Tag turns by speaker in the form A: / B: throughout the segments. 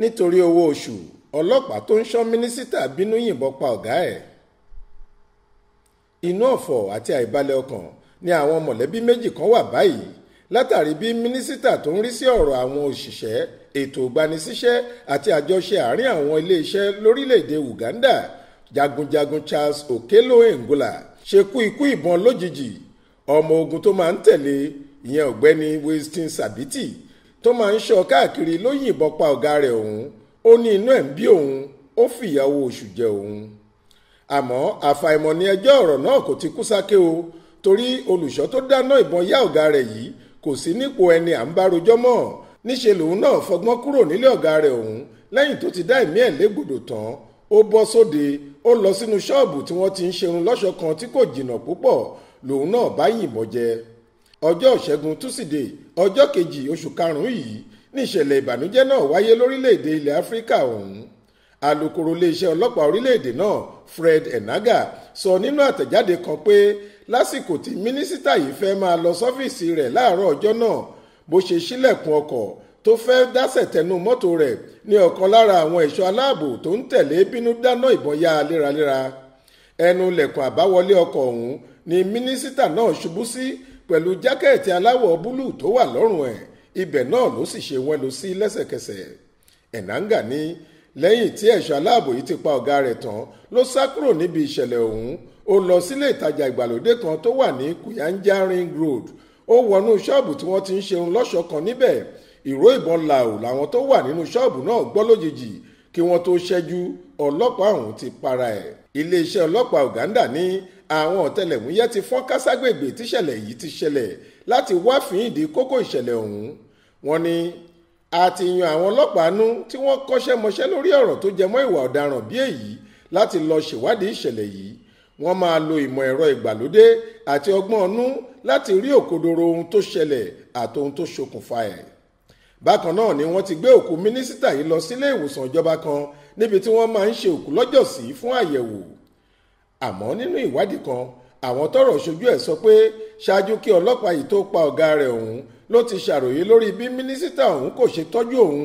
A: nítorí owó oṣù ọlọ́pàá tó ń ṣọ́ mínísítà bínú yìnbọn pa ọ̀gá ẹ̀ inú ọ̀fọ̀ àti àìbalẹ̀ ọkàn ni àwọn mọ̀lẹ́bí méjì kan wà báyìí látàrí bí mínísítà tó ń rí sí ọ̀rọ̀ àwọn òṣìṣẹ́ ètò ìgbanisíṣẹ́ àti àjọṣe àárín àwọn iléeṣẹ́ lórílẹ̀‐èdè Uganda jagunjagun Charles Okello Engola ṣe kú ikú ìbọn lójijì ọmọ ogun tó máa ń tẹ̀lé ìyẹn ọ̀gbẹ́ni Winston Sabiti tó máa ń ṣọ́ káàkiri ló yìnbọn pa ọ̀gá rẹ̀ ọ̀hún ó ní inú ẹ̀ ń bí òun ó fìyàwó oṣù jẹ òun àmọ́ àfàìmọ̀ ni ẹjọ́ ọ̀rọ̀ náà kò ti kú sáké o torí olùṣọ́ tó dáná ìbọn yá ọ̀gá rẹ̀ yìí kò sí nípò ẹni à ń bá rojọ́ mọ́ níṣe lòun náà fọgbọ́n kúrò nílé ọ̀gá rẹ̀ ọ̀hún lẹ́yìn tó ti dá ẹ̀mí ẹ̀ légbodò tán ó bọ́ sóde ó lọ sínú ṣọ́ọ̀bù tí wọ́n ti ń ṣerun lọ́ṣọ̀ kan tí kò jìnnà púpọ̀ lòun náà bá yìnbọn jẹ ọjọ́ ìṣẹ́gun túsìdeè ọjọ́ kejì oṣù karùn-ún yìí ní ìṣẹ̀lẹ̀ ìbànújẹ́ náà wáyé lórílẹ̀‐èdè ilẹ̀ áfíríkà ọ̀hún alukoro iléeṣẹ́ ọlọ́pàá orílẹ̀‐èdè náà Fred Enaga sọ nínú àtẹ̀jáde kan pé lásìkò tí mínísítà yìí fẹ́ máa lọ sọ́fíìsì rẹ̀ láàárọ̀ ọjọ́ náà bó ṣe ṣílẹ̀kùn ọkọ̀ tó fẹ́ dásẹ̀ tẹnu mọ́tò rẹ̀ ní ọ̀kan lára àwọn ẹ̀ṣọ́ aláàbò tó ń tẹ̀lé bínú dáná ìbọn ya léraléra ẹnu lẹ̀kùn àbáwọlé ọkọ̀ ọ̀hún ni mínísítà náà ṣubú sí pẹ̀lú jákẹ́ẹ̀tì aláwọ̀ búlúù tó wà lọ́rùn ẹ̀ ibẹ̀ náà ló sì ṣe wọ́n lọ sí lẹ́sẹ̀kẹsẹ̀ Enanga ní lẹ́yìn tí ẹ̀ṣọ́ aláàbò yìí ti pa ọ̀gá rẹ̀ tán ló sá kúrò níbi ìṣẹ̀lẹ̀ ọ̀hún ó lọ sílé ìtajà ìgbàlódé kan tó wà ní Kuyanja Ring Road ó wọnú ṣọ́ọ̀bù tí wọ́n ti ń ṣerun lọ́ṣọ̀ kan níbẹ̀ ìró ìbọn làwò làwọn tó wà nínú ṣọ́ọ̀bù náà gbọ́ lójijì kí wọ́n tó ṣẹ́jú ọlọ́pàá ọ̀hún ti para ẹ̀ iléeṣẹ́ ọlọ́pàá Uganda ní àwọn ọ̀tẹlẹ̀múyẹ́ ti fọ́n káságbègbè tíṣẹ̀lẹ̀ yìí ti ṣẹlẹ̀ láti wáfin ìdí kókó ìṣẹ̀lẹ̀ ọ̀hún wọ́n ní a ti yan àwọn ọlọ́pàá nú tí wọ́n kọ́ṣẹ́ mọṣẹ́ lórí ọ̀rọ̀ tó jẹmọ́ ìwà ọ̀daràn bí èyí láti lọ ṣèwádìí ìṣẹ̀lẹ̀ yìí wọ́n máa lo ìmọ̀ ẹ̀rọ ìgbàlódé àti ọgbọ́n ọnú láti rí òkodoro ohun tó ṣẹlẹ̀ àtohun tó ṣokùnfà ẹ̀ bákan náà ni wọ́n ti gbé òkú mínísítà yìí lọ sílé ìwòsàn ìjọba kan níbi tí wọ́n máa ń ṣe òkú lọ́jọ́sí fún àyẹ̀wò àmọ́ nínú ìwádìí kan àwọn tọ́rọ̀ ṣojú ẹ̀ sọ pé ṣáájú kí ọlọ́pàá yìí tó pa ọ̀gá rẹ̀ ọ̀hún ló ti ṣàròyé lórí bí mínísítà ọ̀hún kò ṣe tọ́jú òun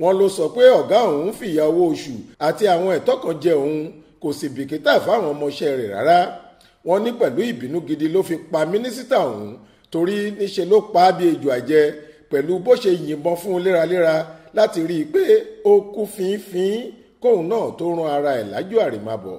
A: wọ́n ló sọ pé ọ̀gá òun fìyà owó oṣù àti àwọn ẹ̀tọ́ kan jẹ òun kò sì bìkítà fáwọn ọmọọṣẹ́ rẹ̀ rárá wọ́n ní pẹ̀lú ìbínú gidi ló fi pa mínísítà ọ̀hún torí níṣe ló pa á bí ejò àjẹ pẹ̀lú bó ṣe yìnbọn fún un léraléra láti rí i pé ó kú fínfín kóun náà tó rán ara ẹ̀ lájú àrèmábọ̀